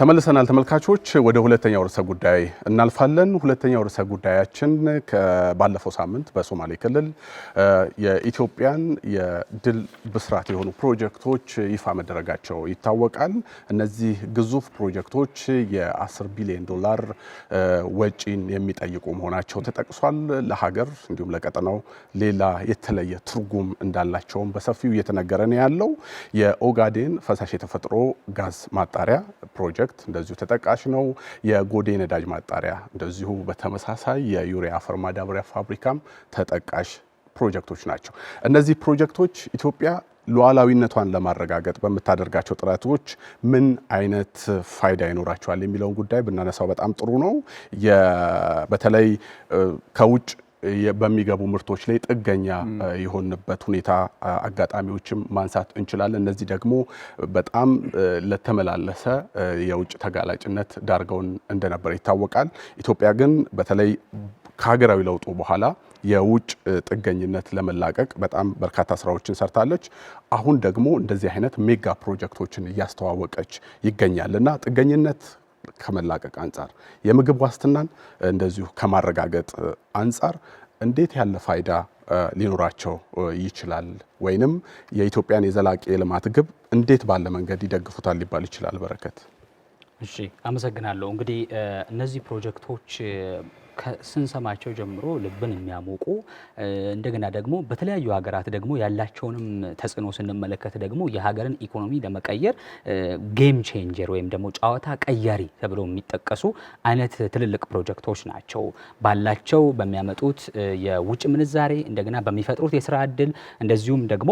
ተመልሰናል ተመልካቾች፣ ወደ ሁለተኛው ርዕሰ ጉዳይ እናልፋለን። ሁለተኛው ርዕሰ ጉዳያችን ባለፈው ሳምንት በሶማሌ ክልል የኢትዮጵያን የድል ብስራት የሆኑ ፕሮጀክቶች ይፋ መደረጋቸው ይታወቃል። እነዚህ ግዙፍ ፕሮጀክቶች የ10 ቢሊዮን ዶላር ወጪን የሚጠይቁ መሆናቸው ተጠቅሷል። ለሀገር እንዲሁም ለቀጠናው ሌላ የተለየ ትርጉም እንዳላቸውም በሰፊው እየተነገረ ነው ያለው። የኦጋዴን ፈሳሽ የተፈጥሮ ጋዝ ማጣሪያ ፕሮጀክት ፕሮጀክት እንደዚሁ ተጠቃሽ ነው። የጎዴ ነዳጅ ማጣሪያ እንደዚሁ በተመሳሳይ የዩሪያ አፈር ማዳበሪያ ፋብሪካም ተጠቃሽ ፕሮጀክቶች ናቸው። እነዚህ ፕሮጀክቶች ኢትዮጵያ ሉዓላዊነቷን ለማረጋገጥ በምታደርጋቸው ጥረቶች ምን አይነት ፋይዳ ይኖራቸዋል የሚለውን ጉዳይ ብናነሳው በጣም ጥሩ ነው። በተለይ ከውጭ በሚገቡ ምርቶች ላይ ጥገኛ የሆንበት ሁኔታ አጋጣሚዎችም ማንሳት እንችላለን። እነዚህ ደግሞ በጣም ለተመላለሰ የውጭ ተጋላጭነት ዳርገውን እንደነበረ ይታወቃል። ኢትዮጵያ ግን በተለይ ከሀገራዊ ለውጡ በኋላ የውጭ ጥገኝነት ለመላቀቅ በጣም በርካታ ስራዎችን ሰርታለች። አሁን ደግሞ እንደዚህ አይነት ሜጋ ፕሮጀክቶችን እያስተዋወቀች ይገኛል እና ጥገኝነት ከመላቀቅ አንጻር የምግብ ዋስትናን እንደዚሁ ከማረጋገጥ አንጻር እንዴት ያለ ፋይዳ ሊኖራቸው ይችላል ወይንም የኢትዮጵያን የዘላቂ የልማት ግብ እንዴት ባለ መንገድ ይደግፉታል ሊባል ይችላል። በረከት፣ እሺ አመሰግናለሁ። እንግዲህ እነዚህ ፕሮጀክቶች ስንሰማቸው ጀምሮ ልብን የሚያሞቁ እንደገና ደግሞ በተለያዩ ሀገራት ደግሞ ያላቸውንም ተጽዕኖ ስንመለከት ደግሞ የሀገርን ኢኮኖሚ ለመቀየር ጌም ቼንጀር ወይም ደግሞ ጨዋታ ቀያሪ ተብለው የሚጠቀሱ አይነት ትልልቅ ፕሮጀክቶች ናቸው። ባላቸው በሚያመጡት የውጭ ምንዛሬ እንደገና በሚፈጥሩት የስራ እድል እንደዚሁም ደግሞ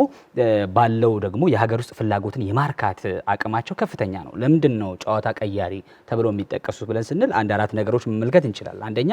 ባለው ደግሞ የሀገር ውስጥ ፍላጎትን የማርካት አቅማቸው ከፍተኛ ነው። ለምንድን ነው ጨዋታ ቀያሪ ተብለው የሚጠቀሱት ብለን ስንል አንድ አራት ነገሮች መመልከት እንችላል። አንደኛ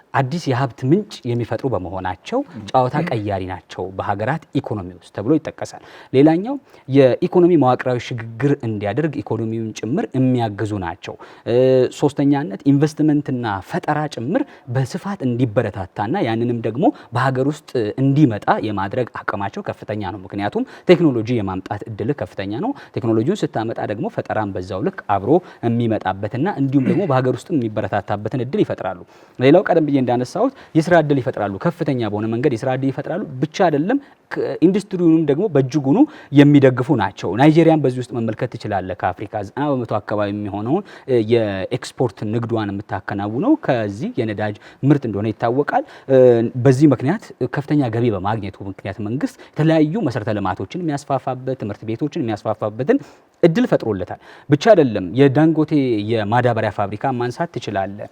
አዲስ የሀብት ምንጭ የሚፈጥሩ በመሆናቸው ጨዋታ ቀያሪ ናቸው በሀገራት ኢኮኖሚ ውስጥ ተብሎ ይጠቀሳል። ሌላኛው የኢኮኖሚ መዋቅራዊ ሽግግር እንዲያደርግ ኢኮኖሚውን ጭምር የሚያግዙ ናቸው። ሶስተኛነት ኢንቨስትመንትና ፈጠራ ጭምር በስፋት እንዲበረታታና ያንንም ደግሞ በሀገር ውስጥ እንዲመጣ የማድረግ አቅማቸው ከፍተኛ ነው። ምክንያቱም ቴክኖሎጂ የማምጣት እድል ከፍተኛ ነው። ቴክኖሎጂውን ስታመጣ ደግሞ ፈጠራን በዛው ልክ አብሮ የሚመጣበትና እንዲሁም ደግሞ በሀገር ውስጥ የሚበረታታበትን እድል ይፈጥራሉ። ሌላው ቀደም ብዬ እንዳነሳሁት የስራ እድል ይፈጥራሉ፣ ከፍተኛ በሆነ መንገድ የስራ እድል ይፈጥራሉ ብቻ አይደለም ኢንዱስትሪውንም ደግሞ በእጅጉኑ የሚደግፉ ናቸው። ናይጄሪያን በዚህ ውስጥ መመልከት ትችላለህ። ከአፍሪካ ዘጠና በመቶ አካባቢ የሚሆነውን የኤክስፖርት ንግዷን የምታከናውነው ከዚህ የነዳጅ ምርት እንደሆነ ይታወቃል። በዚህ ምክንያት ከፍተኛ ገቢ በማግኘቱ ምክንያት መንግስት የተለያዩ መሰረተ ልማቶችን የሚያስፋፋበት ትምህርት ቤቶችን የሚያስፋፋበትን እድል ፈጥሮለታል። ብቻ አይደለም የዳንጎቴ የማዳበሪያ ፋብሪካ ማንሳት ትችላለህ።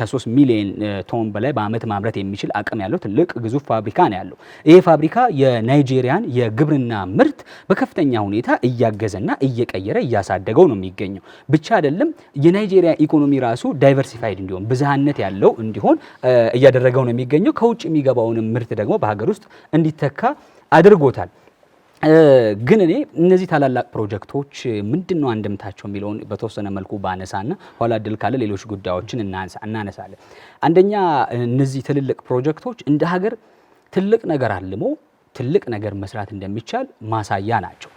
ከ3 ሚሊዮን ቶን በላይ በአመት ማምረት የሚችል አቅም ያለው ትልቅ ግዙፍ ፋብሪካ ነው ያለው። ይሄ ፋብሪካ የናይጄሪያን የግብርና ምርት በከፍተኛ ሁኔታ እያገዘና እየቀየረ እያሳደገው ነው የሚገኘው። ብቻ አይደለም የናይጄሪያ ኢኮኖሚ ራሱ ዳይቨርሲፋይድ እንዲሆን ብዝሃነት ያለው እንዲሆን እያደረገው ነው የሚገኘው። ከውጭ የሚገባውንም ምርት ደግሞ በሀገር ውስጥ እንዲተካ አድርጎታል። ግን እኔ እነዚህ ታላላቅ ፕሮጀክቶች ምንድን ነው አንድምታቸው የሚለውን በተወሰነ መልኩ ባነሳና ኋላ እድል ካለ ሌሎች ጉዳዮችን እናነሳለን። አንደኛ እነዚህ ትልልቅ ፕሮጀክቶች እንደ ሀገር ትልቅ ነገር አልሞ ትልቅ ነገር መስራት እንደሚቻል ማሳያ ናቸው።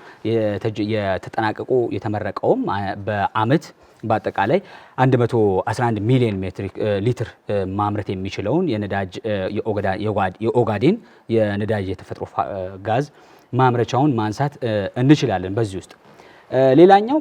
የተጠናቀቁ የተመረቀውም በአመት በአጠቃላይ 111 ሚሊዮን ሜትሪክ ሊትር ማምረት የሚችለውን የነዳጅ የኦጋዴን የነዳጅ የተፈጥሮ ጋዝ ማምረቻውን ማንሳት እንችላለን። በዚህ ውስጥ ሌላኛው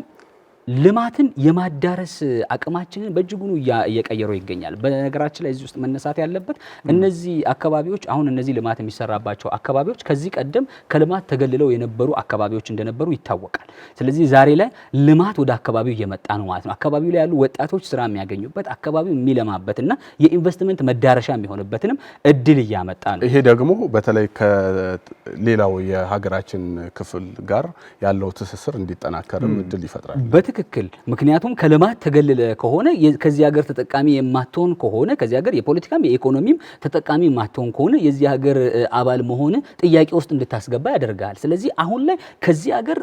ልማትን የማዳረስ አቅማችንን በእጅጉኑ እየቀየረው ይገኛል። በነገራችን ላይ እዚህ ውስጥ መነሳት ያለበት እነዚህ አካባቢዎች አሁን እነዚህ ልማት የሚሰራባቸው አካባቢዎች ከዚህ ቀደም ከልማት ተገልለው የነበሩ አካባቢዎች እንደነበሩ ይታወቃል። ስለዚህ ዛሬ ላይ ልማት ወደ አካባቢው እየመጣ ነው ማለት ነው። አካባቢው ላይ ያሉ ወጣቶች ስራ የሚያገኙበት አካባቢው የሚለማበት እና የኢንቨስትመንት መዳረሻ የሚሆንበትንም እድል እያመጣ ነው። ይሄ ደግሞ በተለይ ከሌላው የሀገራችን ክፍል ጋር ያለው ትስስር እንዲጠናከርም እድል ይፈጥራል። ትክክል። ምክንያቱም ከልማት ተገልለ ከሆነ ከዚህ ሀገር ተጠቃሚ የማትሆን ከሆነ ከዚህ ሀገር የፖለቲካም የኢኮኖሚም ተጠቃሚ የማትሆን ከሆነ የዚህ ሀገር አባል መሆን ጥያቄ ውስጥ እንድታስገባ ያደርጋል። ስለዚህ አሁን ላይ ከዚህ ሀገር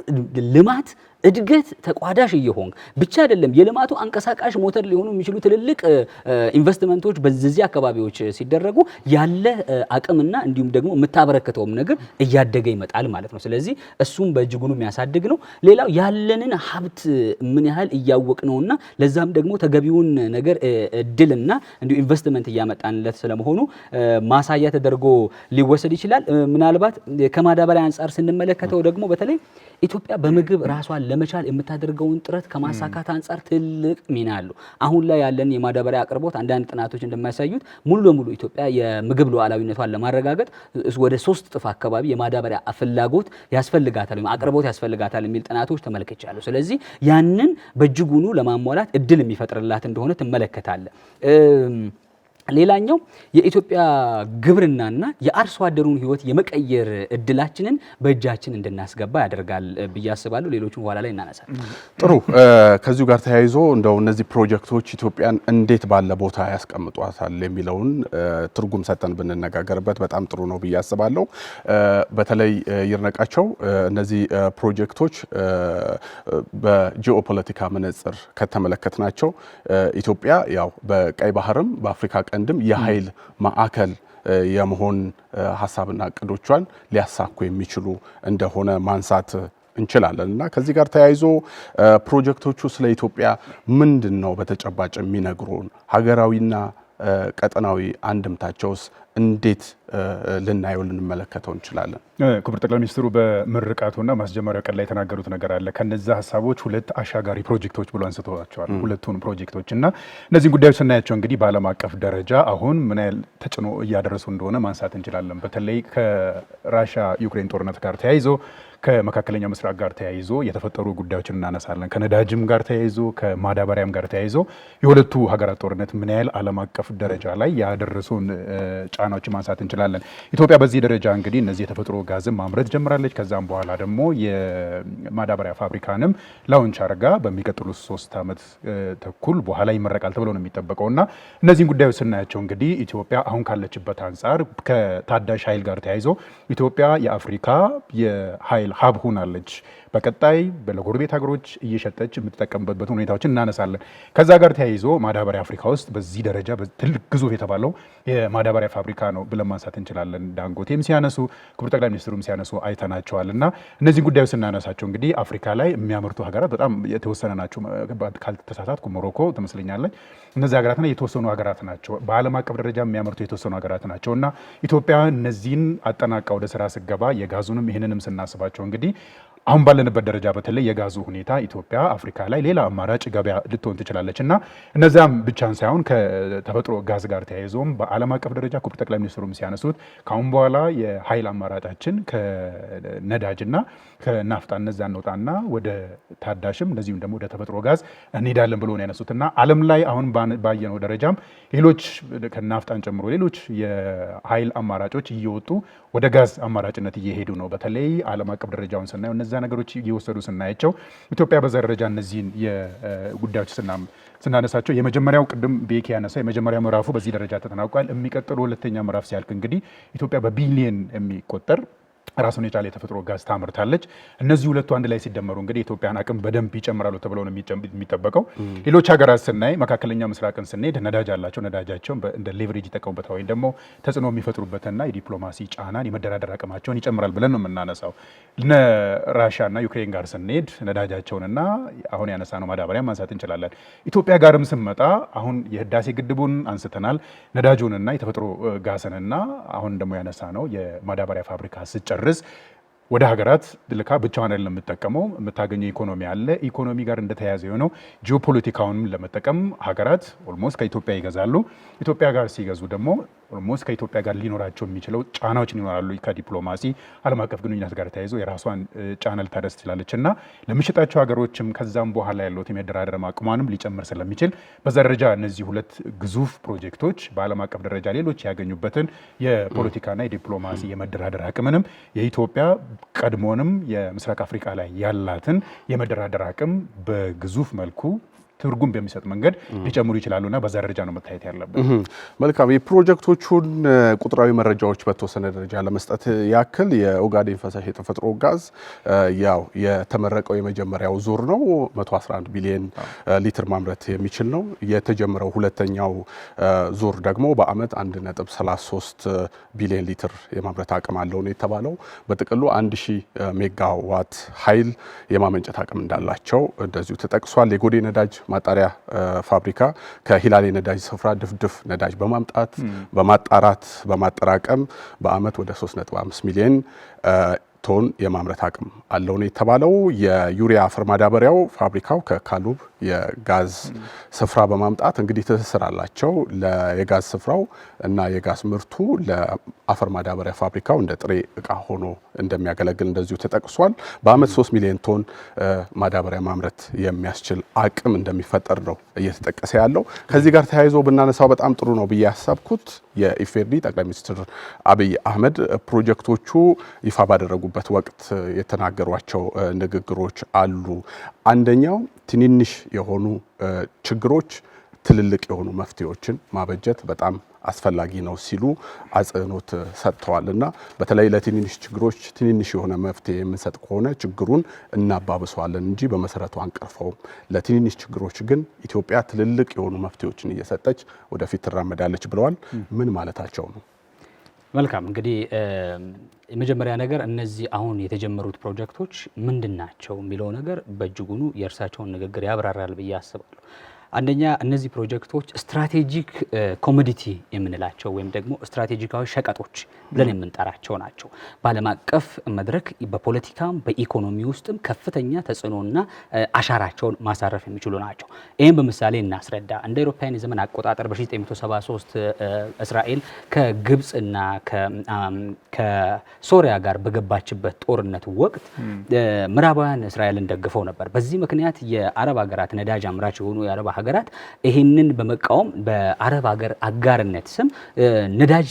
ልማት እድገት ተቋዳሽ እየሆን ብቻ አይደለም የልማቱ አንቀሳቃሽ ሞተር ሊሆኑ የሚችሉ ትልልቅ ኢንቨስትመንቶች በዚህ አካባቢዎች ሲደረጉ ያለ አቅምና እንዲሁም ደግሞ የምታበረክተውም ነገር እያደገ ይመጣል ማለት ነው። ስለዚህ እሱም በእጅጉኑ የሚያሳድግ ነው። ሌላው ያለንን ሀብት ምን ያህል እያወቅ ነውና ለዛም ደግሞ ተገቢውን ነገር እድልና እንዲሁ ኢንቨስትመንት እያመጣንለት ስለመሆኑ ማሳያ ተደርጎ ሊወሰድ ይችላል። ምናልባት ከማዳበሪያ አንጻር ስንመለከተው ደግሞ በተለይ ኢትዮጵያ በምግብ ራሷን ለመቻል የምታደርገውን ጥረት ከማሳካት አንጻር ትልቅ ሚና አለው። አሁን ላይ ያለን የማዳበሪያ አቅርቦት አንዳንድ ጥናቶች እንደሚያሳዩት ሙሉ በሙሉ ኢትዮጵያ የምግብ ሉዓላዊነቷን ለማረጋገጥ ወደ ሶስት እጥፍ አካባቢ የማዳበሪያ ፍላጎት ያስፈልጋታል ወይም አቅርቦት ያስፈልጋታል የሚል ጥናቶች ተመልክቻለሁ። ስለዚህ ያንን በእጅጉኑ ለማሟላት እድል የሚፈጥርላት እንደሆነ ትመለከታለ። ሌላኛው የኢትዮጵያ ግብርናና የአርሶ አደሩን ህይወት የመቀየር እድላችንን በእጃችን እንድናስገባ ያደርጋል ብዬ አስባለሁ። ሌሎቹም በኋላ ላይ እናነሳለን። ጥሩ። ከዚሁ ጋር ተያይዞ እንደው እነዚህ ፕሮጀክቶች ኢትዮጵያን እንዴት ባለ ቦታ ያስቀምጧታል የሚለውን ትርጉም ሰጠን ብንነጋገርበት በጣም ጥሩ ነው ብዬ አስባለሁ። በተለይ ይርነቃቸው እነዚህ ፕሮጀክቶች በጂኦፖለቲካ መነጽር ናቸው። ኢትዮጵያ ያው በቀይ ባህርም በአፍሪካ ቀ ዘንድም የኃይል ማዕከል የመሆን ሀሳብና እቅዶቿን ሊያሳኩ የሚችሉ እንደሆነ ማንሳት እንችላለን እና ከዚህ ጋር ተያይዞ ፕሮጀክቶቹ ስለ ኢትዮጵያ ምንድን ነው በተጨባጭ የሚነግሩን ሀገራዊና ቀጠናዊ አንድምታቸውስ እንዴት ልናየው ልንመለከተው እንችላለን? ክቡር ጠቅላይ ሚኒስትሩ በምርቃቱና ማስጀመሪያው ቀን ላይ የተናገሩት ነገር አለ። ከነዚ ሀሳቦች ሁለት አሻጋሪ ፕሮጀክቶች ብሎ አንስተዋቸዋል። ሁለቱን ፕሮጀክቶች እና እነዚህን ጉዳዮች ስናያቸው እንግዲህ በዓለም አቀፍ ደረጃ አሁን ምን ያህል ተጽዕኖ እያደረሱ እንደሆነ ማንሳት እንችላለን። በተለይ ከራሻ ዩክሬን ጦርነት ጋር ተያይዞ ከመካከለኛው ምስራቅ ጋር ተያይዞ የተፈጠሩ ጉዳዮችን እናነሳለን። ከነዳጅም ጋር ተያይዞ ከማዳበሪያም ጋር ተያይዞ የሁለቱ ሀገራት ጦርነት ምን ያህል ዓለም አቀፍ ደረጃ ላይ ያደረሱን ጫናዎች ማንሳት እንችላለን። ኢትዮጵያ በዚህ ደረጃ እንግዲህ እነዚህ የተፈጥሮ ጋዝን ማምረት ጀምራለች። ከዛም በኋላ ደግሞ የማዳበሪያ ፋብሪካንም ላውንች አርጋ በሚቀጥሉት ሶስት ዓመት ተኩል በኋላ ይመረቃል ተብሎ ነው የሚጠበቀው እና እነዚህን ጉዳዮች ስናያቸው እንግዲህ ኢትዮጵያ አሁን ካለችበት አንጻር ከታዳሽ ኃይል ጋር ተያይዞ ኢትዮጵያ የአፍሪካ የኃይል ሀብ አለች በቀጣይ ለጎረቤት ሀገሮች እየሸጠች የምትጠቀምበት ሁኔታዎችን እናነሳለን። ከዛ ጋር ተያይዞ ማዳበሪያ አፍሪካ ውስጥ በዚህ ደረጃ ትልቅ ግዙፍ የተባለው የማዳበሪያ ፋብሪካ ነው ብለን ማንሳት እንችላለን። ዳንጎቴም ሲያነሱ ክቡር ጠቅላይ ሚኒስትሩም ሲያነሱ አይተናቸዋል። እና እነዚህን ጉዳዮች ስናነሳቸው እንግዲህ አፍሪካ ላይ የሚያመርቱ ሀገራት በጣም የተወሰነ ናቸው። ካልተሳሳትኩ ሞሮኮ ትመስለኛለች። እነዚህ ሀገራትና የተወሰኑ ሀገራት ናቸው። በዓለም አቀፍ ደረጃ የሚያመርቱ የተወሰኑ ሀገራት ናቸው እና ኢትዮጵያ እነዚህን አጠናቃ ወደ ስራ ስገባ የጋዙንም ይህንንም ስናስባቸው እንግዲህ አሁን ባለንበት ደረጃ በተለይ የጋዙ ሁኔታ ኢትዮጵያ አፍሪካ ላይ ሌላ አማራጭ ገበያ ልትሆን ትችላለች እና እነዚያም ብቻን ሳይሆን ከተፈጥሮ ጋዝ ጋር ተያይዞም በዓለም አቀፍ ደረጃ ክቡር ጠቅላይ ሚኒስትሩም ሲያነሱት ከአሁን በኋላ የኃይል አማራጫችን ከነዳጅና ከናፍጣ እነዛ እንውጣና ወደ ታዳሽም እንደዚሁም ደግሞ ወደ ተፈጥሮ ጋዝ እንሄዳለን ብሎ ነው ያነሱት እና ዓለም ላይ አሁን ባየነው ደረጃም ሌሎች ከናፍጣን ጨምሮ ሌሎች የኃይል አማራጮች እየወጡ ወደ ጋዝ አማራጭነት እየሄዱ ነው። በተለይ ዓለም አቀፍ ደረጃውን ስናየው እነዛ ነገሮች እየወሰዱ ስናያቸው ኢትዮጵያ በዛ ደረጃ እነዚህን ጉዳዮች ስናነሳቸው የመጀመሪያው ቅድም ቤኪ ያነሳ የመጀመሪያው ምዕራፉ በዚህ ደረጃ ተጠናቋል። የሚቀጥሉ ሁለተኛ ምዕራፍ ሲያልክ እንግዲህ ኢትዮጵያ በቢሊየን የሚቆጠር ራሱን የቻለ የተፈጥሮ ጋዝ ታምርታለች። እነዚህ ሁለቱ አንድ ላይ ሲደመሩ እንግዲህ የኢትዮጵያን አቅም በደንብ ይጨምራሉ ተብሎ ነው የሚጠበቀው። ሌሎች ሀገራት ስናይ መካከለኛ ምስራቅን ስንሄድ ነዳጅ አላቸው። ነዳጃቸውን እንደ ሌቨሬጅ ይጠቀሙበታል ወይም ደግሞ ተጽዕኖ የሚፈጥሩበትና የዲፕሎማሲ ጫናን የመደራደር አቅማቸውን ይጨምራል ብለን ነው የምናነሳው። እነ ራሽያና ዩክሬን ጋር ስንሄድ ነዳጃቸውንና አሁን ያነሳ ነው ማዳበሪያ ማንሳት እንችላለን። ኢትዮጵያ ጋርም ስንመጣ አሁን የህዳሴ ግድቡን አንስተናል። ነዳጁንና የተፈጥሮ ጋስንና አሁን ደግሞ ያነሳ ነው የማዳበሪያ ፋብሪካ ስጫ ሳትጨርስ ወደ ሀገራት ልካ ብቻዋን አይደለም የምጠቀመው የምታገኘው ኢኮኖሚ አለ። ኢኮኖሚ ጋር እንደተያያዘ የሆነው ጂኦፖለቲካውንም ለመጠቀም ሀገራት ኦልሞስት ከኢትዮጵያ ይገዛሉ። ኢትዮጵያ ጋር ሲገዙ ደግሞ ኦልሞስት ከኢትዮጵያ ጋር ሊኖራቸው የሚችለው ጫናዎችን ይኖራሉ። ከዲፕሎማሲ ዓለም አቀፍ ግንኙነት ጋር ተያይዞ የራሷን ጫና ልታደስ ትችላለች እና ለምሽጣቸው ሀገሮችም ከዛም በኋላ ያለት የመደራደር አቅሟንም ሊጨምር ስለሚችል በዛ ደረጃ እነዚህ ሁለት ግዙፍ ፕሮጀክቶች በዓለም አቀፍ ደረጃ ሌሎች ያገኙበትን የፖለቲካና የዲፕሎማሲ የመደራደር አቅምንም የኢትዮጵያ ቀድሞንም የምስራቅ አፍሪካ ላይ ያላትን የመደራደር አቅም በግዙፍ መልኩ ትርጉም በሚሰጥ መንገድ ሊጨምሩ ይችላሉና በዛ ደረጃ ነው መታየት ያለበት። መልካም የፕሮጀክቶቹን ቁጥራዊ መረጃዎች በተወሰነ ደረጃ ለመስጠት ያክል የኦጋዴን ፈሳሽ የተፈጥሮ ጋዝ ያው የተመረቀው የመጀመሪያው ዙር ነው 111 ቢሊዮን ሊትር ማምረት የሚችል ነው። የተጀመረው ሁለተኛው ዙር ደግሞ በአመት 1.33 ቢሊዮን ሊትር የማምረት አቅም አለው ነው የተባለው። በጥቅሉ 1000 ሜጋዋት ኃይል የማመንጨት አቅም እንዳላቸው እንደዚሁ ተጠቅሷል። የጎዴ ነዳጅ ማጣሪያ ፋብሪካ ከሂላል ነዳጅ ስፍራ ድፍድፍ ነዳጅ በማምጣት በማጣራት በማጠራቀም በአመት ወደ 3.5 ሚሊዮን ቶን የማምረት አቅም አለው ነው የተባለው። የዩሪያ አፈር ማዳበሪያው ፋብሪካው ከካሉብ የጋዝ ስፍራ በማምጣት እንግዲህ ትስስር አላቸው። የጋዝ ስፍራው እና የጋዝ ምርቱ ለአፈር ማዳበሪያ ፋብሪካው እንደ ጥሬ እቃ ሆኖ እንደሚያገለግል እንደዚሁ ተጠቅሷል። በአመት 3 ሚሊዮን ቶን ማዳበሪያ ማምረት የሚያስችል አቅም እንደሚፈጠር ነው እየተጠቀሰ ያለው። ከዚህ ጋር ተያይዞ ብናነሳው በጣም ጥሩ ነው ብዬ ያሰብኩት የኢፌዴሪ ጠቅላይ ሚኒስትር አብይ አህመድ ፕሮጀክቶቹ ይፋ ባደረጉ በሚያቀርቡበት ወቅት የተናገሯቸው ንግግሮች አሉ። አንደኛው ትንንሽ የሆኑ ችግሮች ትልልቅ የሆኑ መፍትሄዎችን ማበጀት በጣም አስፈላጊ ነው ሲሉ አጽንኦት ሰጥተዋል። እና በተለይ ለትንንሽ ችግሮች ትንንሽ የሆነ መፍትሄ የምንሰጥ ከሆነ ችግሩን እናባብሰዋለን እንጂ በመሰረቱ አንቀርፈውም። ለትንንሽ ችግሮች ግን ኢትዮጵያ ትልልቅ የሆኑ መፍትሄዎችን እየሰጠች ወደፊት ትራመዳለች ብለዋል። ምን ማለታቸው ነው? መልካም እንግዲህ የመጀመሪያ ነገር እነዚህ አሁን የተጀመሩት ፕሮጀክቶች ምንድን ናቸው የሚለው ነገር በእጅጉኑ የእርሳቸውን ንግግር ያብራራል ብዬ አስባለሁ። አንደኛ እነዚህ ፕሮጀክቶች ስትራቴጂክ ኮሞዲቲ የምንላቸው ወይም ደግሞ ስትራቴጂካዊ ሸቀጦች ብለን የምንጠራቸው ናቸው። በዓለም አቀፍ መድረክ በፖለቲካም በኢኮኖሚ ውስጥም ከፍተኛ ተጽዕኖና አሻራቸውን ማሳረፍ የሚችሉ ናቸው። ይህም በምሳሌ እናስረዳ። እንደ ኤሮፓያን የዘመን አቆጣጠር በ1973 እስራኤል ከግብፅና ከሶሪያ ጋር በገባችበት ጦርነት ወቅት ምዕራባውያን እስራኤልን ደግፈው ነበር። በዚህ ምክንያት የአረብ ሀገራት ነዳጅ አምራች የሆኑ የአረብ ሀገራት ይሄንን በመቃወም በአረብ ሀገር አጋርነት ስም ነዳጅ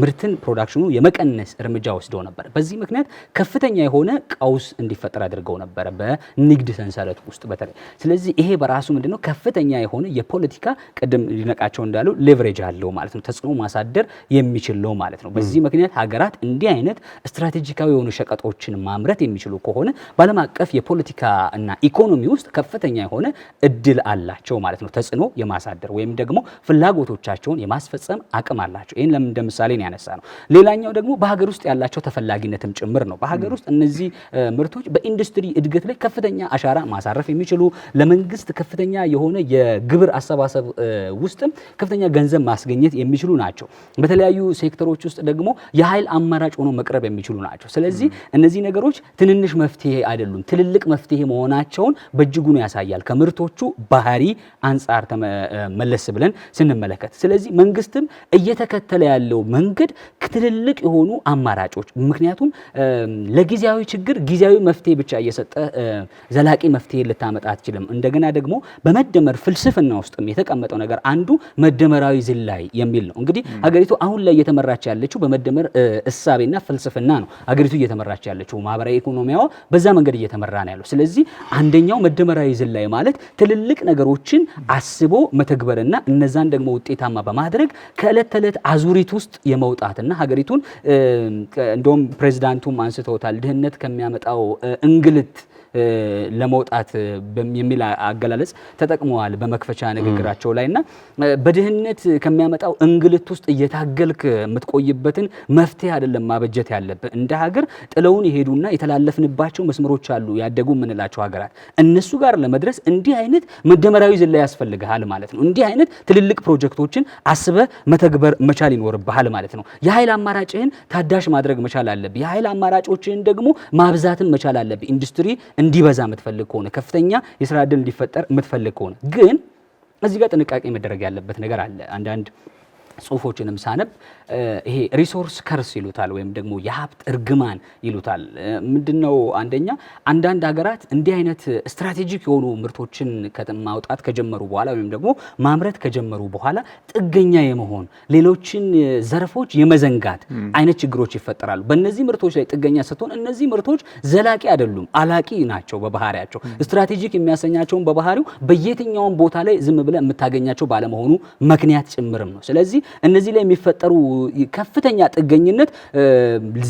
ምርትን ፕሮዳክሽኑ የመቀነስ እርምጃ ወስደው ነበር። በዚህ ምክንያት ከፍተኛ የሆነ ቀውስ እንዲፈጠር አድርገው ነበረ በንግድ ሰንሰለት ውስጥ በተለይ። ስለዚህ ይሄ በራሱ ምንድነው ከፍተኛ የሆነ የፖለቲካ ቅድም ሊነቃቸው እንዳለው ሌቨሬጅ አለው ማለት ነው፣ ተጽዕኖ ማሳደር የሚችል ነው ማለት ነው። በዚህ ምክንያት ሀገራት እንዲህ አይነት ስትራቴጂካዊ የሆኑ ሸቀጦችን ማምረት የሚችሉ ከሆነ በዓለም አቀፍ የፖለቲካ እና ኢኮኖሚ ውስጥ ከፍተኛ የሆነ እድል አላቸው አላቸው ማለት ነው። ተጽዕኖ የማሳደር ወይም ደግሞ ፍላጎቶቻቸውን የማስፈጸም አቅም አላቸው። ይህን ለምን እንደ ምሳሌ ያነሳ ነው። ሌላኛው ደግሞ በሀገር ውስጥ ያላቸው ተፈላጊነትም ጭምር ነው። በሀገር ውስጥ እነዚህ ምርቶች በኢንዱስትሪ እድገት ላይ ከፍተኛ አሻራ ማሳረፍ የሚችሉ ለመንግስት ከፍተኛ የሆነ የግብር አሰባሰብ ውስጥም ከፍተኛ ገንዘብ ማስገኘት የሚችሉ ናቸው። በተለያዩ ሴክተሮች ውስጥ ደግሞ የኃይል አማራጭ ሆኖ መቅረብ የሚችሉ ናቸው። ስለዚህ እነዚህ ነገሮች ትንንሽ መፍትሄ አይደሉም፣ ትልልቅ መፍትሄ መሆናቸውን በእጅጉ ነው ያሳያል ከምርቶቹ ባህሪ አንጻር መለስ ብለን ስንመለከት፣ ስለዚህ መንግስትም እየተከተለ ያለው መንገድ ትልልቅ የሆኑ አማራጮች ምክንያቱም ለጊዜያዊ ችግር ጊዜያዊ መፍትሄ ብቻ እየሰጠ ዘላቂ መፍትሄ ልታመጣ አትችልም። እንደገና ደግሞ በመደመር ፍልስፍና ውስጥም የተቀመጠው ነገር አንዱ መደመራዊ ዝላይ የሚል ነው። እንግዲህ ሀገሪቱ አሁን ላይ እየተመራች ያለችው በመደመር እሳቤና ፍልስፍና ነው። ሀገሪቱ እየተመራች ያለችው ማህበራዊ ኢኮኖሚያዋ በዛ መንገድ እየተመራ ነው ያለው። ስለዚህ አንደኛው መደመራዊ ዝላይ ማለት ትልልቅ ነገሮች ነገሮችን አስቦ መተግበርና እነዛን ደግሞ ውጤታማ በማድረግ ከእለት ተዕለት አዙሪት ውስጥ የመውጣትና ሀገሪቱን እንደውም ፕሬዚዳንቱም አንስተውታል ድህነት ከሚያመጣው እንግልት ለመውጣት የሚል አገላለጽ ተጠቅመዋል በመክፈቻ ንግግራቸው ላይ እና በድህነት ከሚያመጣው እንግልት ውስጥ እየታገልክ የምትቆይበትን መፍትሄ አይደለም ማበጀት ያለብህ። እንደ ሀገር ጥለውን የሄዱና የተላለፍንባቸው መስመሮች አሉ፣ ያደጉ የምንላቸው ሀገራት። እነሱ ጋር ለመድረስ እንዲህ አይነት መደመራዊ ዝላ ያስፈልግሃል ማለት ነው። እንዲህ አይነት ትልልቅ ፕሮጀክቶችን አስበ መተግበር መቻል ይኖርብሃል ማለት ነው። የኃይል አማራጭህን ታዳሽ ማድረግ መቻል አለብህ። የኃይል አማራጮችህን ደግሞ ማብዛትን መቻል አለብህ። ኢንዱስትሪ እንዲበዛ የምትፈልግ ከሆነ ከፍተኛ የስራ እድል እንዲፈጠር የምትፈልግ ከሆነ ግን እዚህ ጋር ጥንቃቄ መደረግ ያለበት ነገር አለ። አንዳንድ ጽሁፎችንም ሳነብ ይሄ ሪሶርስ ከርስ ይሉታል ወይም ደግሞ የሀብት እርግማን ይሉታል። ምንድነው? አንደኛ አንዳንድ ሀገራት እንዲህ አይነት ስትራቴጂክ የሆኑ ምርቶችን ማውጣት ከጀመሩ በኋላ ወይም ደግሞ ማምረት ከጀመሩ በኋላ ጥገኛ የመሆን ሌሎችን ዘርፎች የመዘንጋት አይነት ችግሮች ይፈጠራሉ። በእነዚህ ምርቶች ላይ ጥገኛ ስትሆን፣ እነዚህ ምርቶች ዘላቂ አይደሉም፣ አላቂ ናቸው። በባህሪያቸው ስትራቴጂክ የሚያሰኛቸውን በባህሪው በየትኛውም ቦታ ላይ ዝም ብለ የምታገኛቸው ባለመሆኑ ምክንያት ጭምርም ነው። ስለዚህ እነዚህ ላይ የሚፈጠሩ ከፍተኛ ጥገኝነት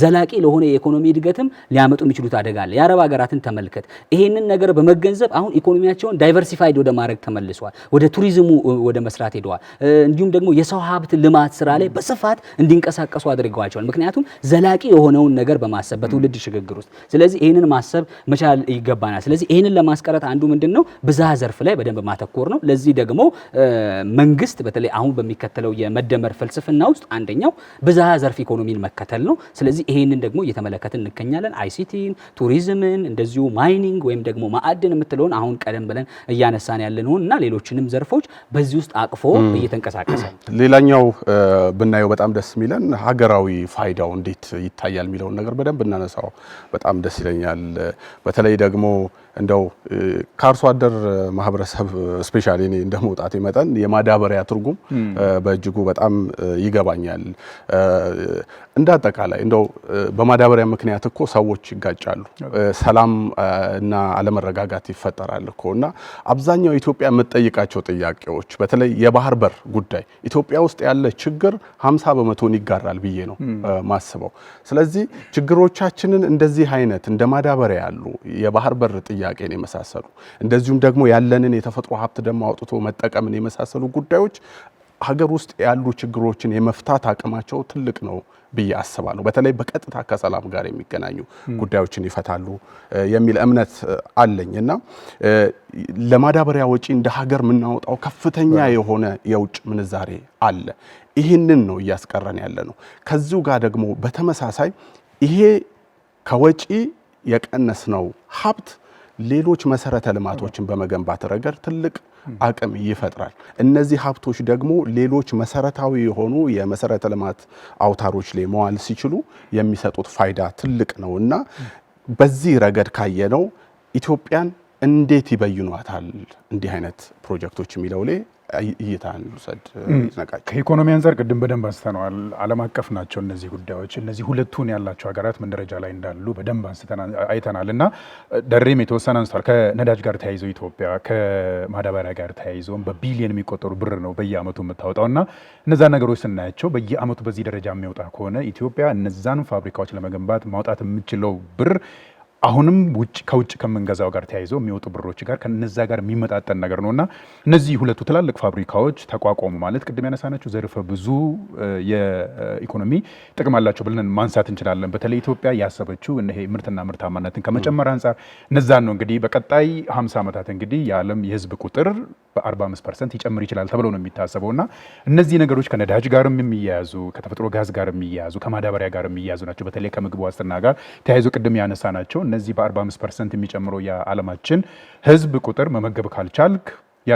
ዘላቂ ለሆነ የኢኮኖሚ እድገትም ሊያመጡ የሚችሉት አደጋ አለ። የአረብ ሀገራትን ተመልከት። ይሄንን ነገር በመገንዘብ አሁን ኢኮኖሚያቸውን ዳይቨርሲፋይድ ወደ ማድረግ ተመልሰዋል። ወደ ቱሪዝሙ ወደ መስራት ሄደዋል። እንዲሁም ደግሞ የሰው ሀብት ልማት ስራ ላይ በስፋት እንዲንቀሳቀሱ አድርገዋቸዋል። ምክንያቱም ዘላቂ የሆነውን ነገር በማሰብ በትውልድ ሽግግር ውስጥ ስለዚህ ይህንን ማሰብ መቻል ይገባናል። ስለዚህ ይህንን ለማስቀረት አንዱ ምንድን ነው ብዝሃ ዘርፍ ላይ በደንብ ማተኮር ነው። ለዚህ ደግሞ መንግስት በተለይ አሁን በሚከተለው መደመር ፍልስፍና ውስጥ አንደኛው ብዝሃ ዘርፍ ኢኮኖሚን መከተል ነው። ስለዚህ ይሄንን ደግሞ እየተመለከትን እንገኛለን። አይሲቲን፣ ቱሪዝምን፣ እንደዚሁ ማይኒንግ ወይም ደግሞ ማዕድን የምትለውን አሁን ቀደም ብለን እያነሳን ያለንውን እና ሌሎችንም ዘርፎች በዚህ ውስጥ አቅፎ እየተንቀሳቀሰ ሌላኛው ብናየው በጣም ደስ የሚለን ሀገራዊ ፋይዳው እንዴት ይታያል የሚለውን ነገር በደንብ እናነሳው በጣም ደስ ይለኛል። በተለይ ደግሞ እንደው ከአርሶ አደር ማህበረሰብ ስፔሻሊ እኔ እንደ መውጣቴ መጠን የማዳበሪያ ትርጉም በእጅጉ በጣም ይገባኛል። እንደ አጠቃላይ እንደው በማዳበሪያ ምክንያት እኮ ሰዎች ይጋጫሉ፣ ሰላም እና አለመረጋጋት ይፈጠራል እኮ እና አብዛኛው ኢትዮጵያ የምትጠይቃቸው ጥያቄዎች በተለይ የባህር በር ጉዳይ ኢትዮጵያ ውስጥ ያለ ችግር ሀምሳ በመቶን ይጋራል ብዬ ነው ማስበው። ስለዚህ ችግሮቻችንን እንደዚህ አይነት እንደ ማዳበሪያ ያሉ የባህር በር ጥያቄን የመሳሰሉ እንደዚሁም ደግሞ ያለንን የተፈጥሮ ሀብት ደግሞ አውጥቶ መጠቀምን የመሳሰሉ ጉዳዮች ሀገር ውስጥ ያሉ ችግሮችን የመፍታት አቅማቸው ትልቅ ነው ብዬ አስባለሁ። በተለይ በቀጥታ ከሰላም ጋር የሚገናኙ ጉዳዮችን ይፈታሉ የሚል እምነት አለኝ እና ለማዳበሪያ ወጪ እንደ ሀገር የምናወጣው ከፍተኛ የሆነ የውጭ ምንዛሬ አለ። ይህንን ነው እያስቀረን ያለ ነው። ከዚሁ ጋር ደግሞ በተመሳሳይ ይሄ ከወጪ የቀነስነው ሀብት ሌሎች መሰረተ ልማቶችን በመገንባት ረገድ ትልቅ አቅም ይፈጥራል። እነዚህ ሀብቶች ደግሞ ሌሎች መሰረታዊ የሆኑ የመሰረተ ልማት አውታሮች ላይ መዋል ሲችሉ የሚሰጡት ፋይዳ ትልቅ ነው እና በዚህ ረገድ ካየነው ኢትዮጵያን እንዴት ይበይኗታል እንዲህ አይነት ፕሮጀክቶች የሚለው ላይ እይታን ውሰድ ይነቃል። ከኢኮኖሚ አንጻር ቅድም በደንብ አንስተነዋል። ዓለም አቀፍ ናቸው እነዚህ ጉዳዮች። እነዚህ ሁለቱን ያላቸው ሀገራት ምን ደረጃ ላይ እንዳሉ በደንብ አይተናል እና ደሬም የተወሰነ አንስቷል። ከነዳጅ ጋር ተያይዞ ኢትዮጵያ ከማዳበሪያ ጋር ተያይዞም በቢሊየን የሚቆጠሩ ብር ነው በየአመቱ የምታወጣው እና እነዛን ነገሮች ስናያቸው በየአመቱ በዚህ ደረጃ የሚወጣ ከሆነ ኢትዮጵያ እነዛን ፋብሪካዎች ለመገንባት ማውጣት የምችለው ብር አሁንም ውጭ ከውጭ ከምንገዛው ጋር ተያይዞ የሚወጡ ብሮች ጋር ከነዛ ጋር የሚመጣጠን ነገር ነው እና እነዚህ ሁለቱ ትላልቅ ፋብሪካዎች ተቋቋሙ ማለት ቅድም ያነሳናቸው ዘርፈ ብዙ የኢኮኖሚ ጥቅም አላቸው ብለን ማንሳት እንችላለን። በተለይ ኢትዮጵያ ያሰበችው ይሄ ምርትና ምርታማነትን ከመጨመር አንጻር እነዛን ነው እንግዲህ በቀጣይ 50 ዓመታት እንግዲህ የዓለም የህዝብ ቁጥር በ45 ፐርሰንት ይጨምር ይችላል ተብሎ ነው የሚታሰበው እና እነዚህ ነገሮች ከነዳጅ ጋርም የሚያያዙ ከተፈጥሮ ጋዝ ጋር የሚያያዙ ከማዳበሪያ ጋር የሚያያዙ ናቸው። በተለይ ከምግብ ዋስትና ጋር ተያይዞ ቅድም ያነሳ ናቸው እነዚህ በ45 ፐርሰንት የሚጨምረው የዓለማችን ህዝብ ቁጥር መመገብ ካልቻልክ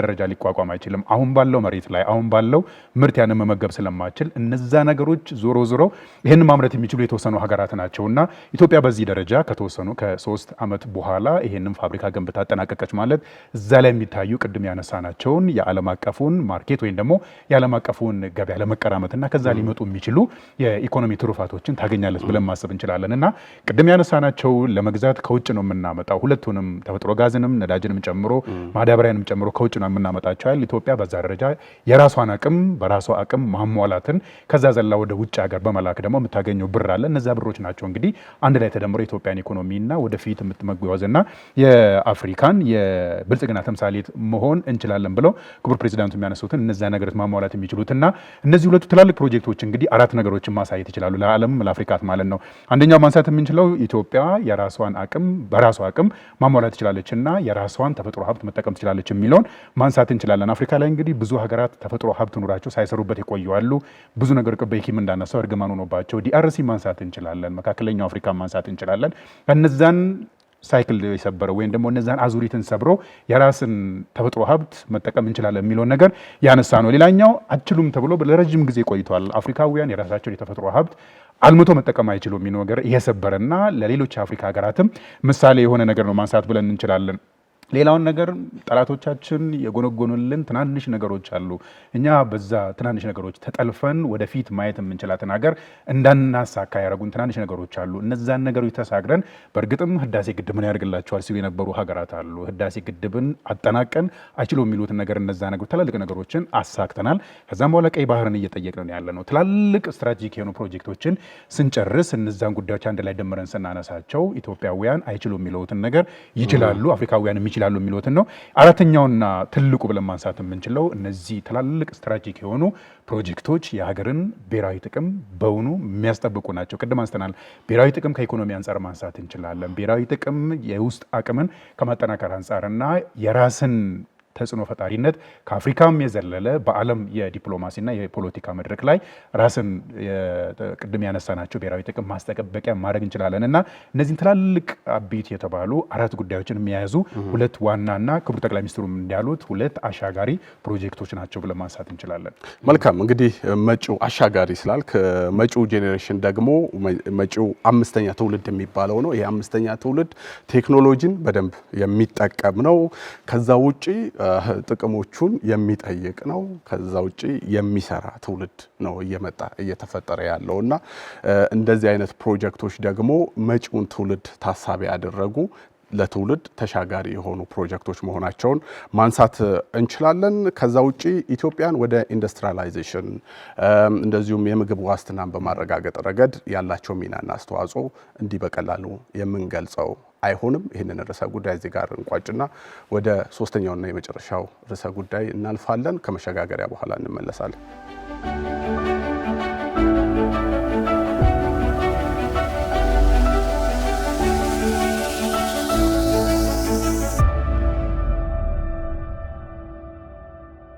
ደረጃ ሊቋቋም አይችልም። አሁን ባለው መሬት ላይ አሁን ባለው ምርት ያንን መመገብ ስለማችል እነዛ ነገሮች ዞሮ ዞሮ ይህን ማምረት የሚችሉ የተወሰኑ ሀገራት ናቸው እና ኢትዮጵያ በዚህ ደረጃ ከተወሰኑ ከሶስት ዓመት በኋላ ይህንም ፋብሪካ ገንብታ አጠናቀቀች ማለት እዛ ላይ የሚታዩ ቅድም ያነሳናቸውን የዓለም አቀፉን ማርኬት ወይም ደግሞ የዓለም አቀፉን ገበያ ለመቀራመትና ከዛ ሊመጡ የሚችሉ የኢኮኖሚ ትሩፋቶችን ታገኛለች ብለን ማሰብ እንችላለን እና ቅድም ያነሳናቸው ለመግዛት ከውጭ ነው የምናመጣው ሁለቱንም ተፈጥሮ ጋዝንም ነዳጅንም ጨምሮ ማዳበሪያንም ጨምሮ ከውጭ ሰዎችን የምናመጣቸው ያህል ኢትዮጵያ በዛ ደረጃ የራሷን አቅም በራሷ አቅም ማሟላትን ከዛ ዘላ ወደ ውጭ ሀገር በመላክ ደግሞ የምታገኘው ብር አለ። እነዚያ ብሮች ናቸው እንግዲህ አንድ ላይ ተደምሮ የኢትዮጵያን ኢኮኖሚና ወደፊት የምትመጓዝና የአፍሪካን የብልጽግና ተምሳሌት መሆን እንችላለን ብለው ክቡር ፕሬዚዳንቱ የሚያነሱትን እነዚያ ነገሮች ማሟላት የሚችሉትና እነዚህ ሁለቱ ትላልቅ ፕሮጀክቶች እንግዲህ አራት ነገሮችን ማሳየት ይችላሉ ለዓለም ለአፍሪካት ማለት ነው። አንደኛው ማንሳት የምንችለው ኢትዮጵያ የራሷን አቅም በራሷ አቅም ማሟላት ትችላለች እና የራሷን ተፈጥሮ ሀብት መጠቀም ትችላለች የሚለውን ማንሳት እንችላለን። አፍሪካ ላይ እንግዲህ ብዙ ሀገራት ተፈጥሮ ሀብት ኑራቸው ሳይሰሩበት የቆየዋሉ። ብዙ ነገር ቅበይኪም እንዳነሳው እርግማን ሆኖባቸው ዲአርሲ ማንሳት እንችላለን። መካከለኛው አፍሪካ ማንሳት እንችላለን። እነዛን ሳይክል የሰበረው ወይም ደግሞ እነዛን አዙሪትን ሰብሮ የራስን ተፈጥሮ ሀብት መጠቀም እንችላለን የሚለውን ነገር ያነሳ ነው። ሌላኛው አችሉም ተብሎ ለረዥም ጊዜ ቆይቷል። አፍሪካውያን የራሳቸውን የተፈጥሮ ሀብት አልምቶ መጠቀም አይችሉም የሚለው ነገር የሰበረና ለሌሎች አፍሪካ ሀገራትም ምሳሌ የሆነ ነገር ነው ማንሳት ብለን እንችላለን። ሌላውን ነገር ጠላቶቻችን የጎነጎኑልን ትናንሽ ነገሮች አሉ። እኛ በዛ ትናንሽ ነገሮች ተጠልፈን ወደፊት ማየት የምንችላትን ሀገር እንዳናሳካ ያደረጉን ትናንሽ ነገሮች አሉ። እነዛን ነገሮች ተሳግረን በእርግጥም ህዳሴ ግድብን ያደርግላቸዋል ሲሉ የነበሩ ሀገራት አሉ። ህዳሴ ግድብን አጠናቀን አይችሉ የሚሉትን ነገር እነዛ ነገሮች ትላልቅ ነገሮችን አሳክተናል። ከዛም በኋላ ቀይ ባህርን እየጠየቅን ያለ ነው። ትላልቅ ስትራቴጂክ የሆኑ ፕሮጀክቶችን ስንጨርስ እነዛን ጉዳዮች አንድ ላይ ደምረን ስናነሳቸው ኢትዮጵያውያን አይችሉ የሚለውትን ነገር ይችላሉ፣ አፍሪካውያን የሚችል ይችላሉ የሚሉትን ነው። አራተኛውና ትልቁ ብለን ማንሳት የምንችለው እነዚህ ትላልቅ ስትራቴጂክ የሆኑ ፕሮጀክቶች የሀገርን ብሔራዊ ጥቅም በውኑ የሚያስጠብቁ ናቸው። ቅድም አንስተናል። ብሔራዊ ጥቅም ከኢኮኖሚ አንጻር ማንሳት እንችላለን። ብሔራዊ ጥቅም የውስጥ አቅምን ከማጠናከር አንጻርና የራስን ተጽዕኖ ፈጣሪነት ከአፍሪካም የዘለለ በዓለም የዲፕሎማሲና የፖለቲካ መድረክ ላይ ራስን ቅድም ያነሳናቸው ብሔራዊ ጥቅም ማስጠበቂያ ማድረግ እንችላለን እና እነዚህን ትላልቅ አቤት የተባሉ አራት ጉዳዮችን የሚያያዙ ሁለት ዋናና ክቡር ጠቅላይ ሚኒስትሩም እንዳሉት ሁለት አሻጋሪ ፕሮጀክቶች ናቸው ብለን ማንሳት እንችላለን። መልካም እንግዲህ መጪው አሻጋሪ ስላል መጪው ጄኔሬሽን ደግሞ መጪው አምስተኛ ትውልድ የሚባለው ነው። ይህ አምስተኛ ትውልድ ቴክኖሎጂን በደንብ የሚጠቀም ነው። ከዛ ውጪ ጥቅሞቹን የሚጠይቅ ነው። ከዛ ውጭ የሚሰራ ትውልድ ነው እየመጣ እየተፈጠረ ያለው እና እንደዚህ አይነት ፕሮጀክቶች ደግሞ መጪውን ትውልድ ታሳቢ ያደረጉ ለትውልድ ተሻጋሪ የሆኑ ፕሮጀክቶች መሆናቸውን ማንሳት እንችላለን። ከዛ ውጭ ኢትዮጵያን ወደ ኢንዱስትሪላይዜሽን እንደዚሁም የምግብ ዋስትናን በማረጋገጥ ረገድ ያላቸው ሚናና አስተዋጽኦ እንዲህ በቀላሉ የምንገልጸው አይሆንም። ይህንን ርዕሰ ጉዳይ እዚህ ጋር እንቋጭና ወደ ሶስተኛውና የመጨረሻው ርዕሰ ጉዳይ እናልፋለን። ከመሸጋገሪያ በኋላ እንመለሳለን።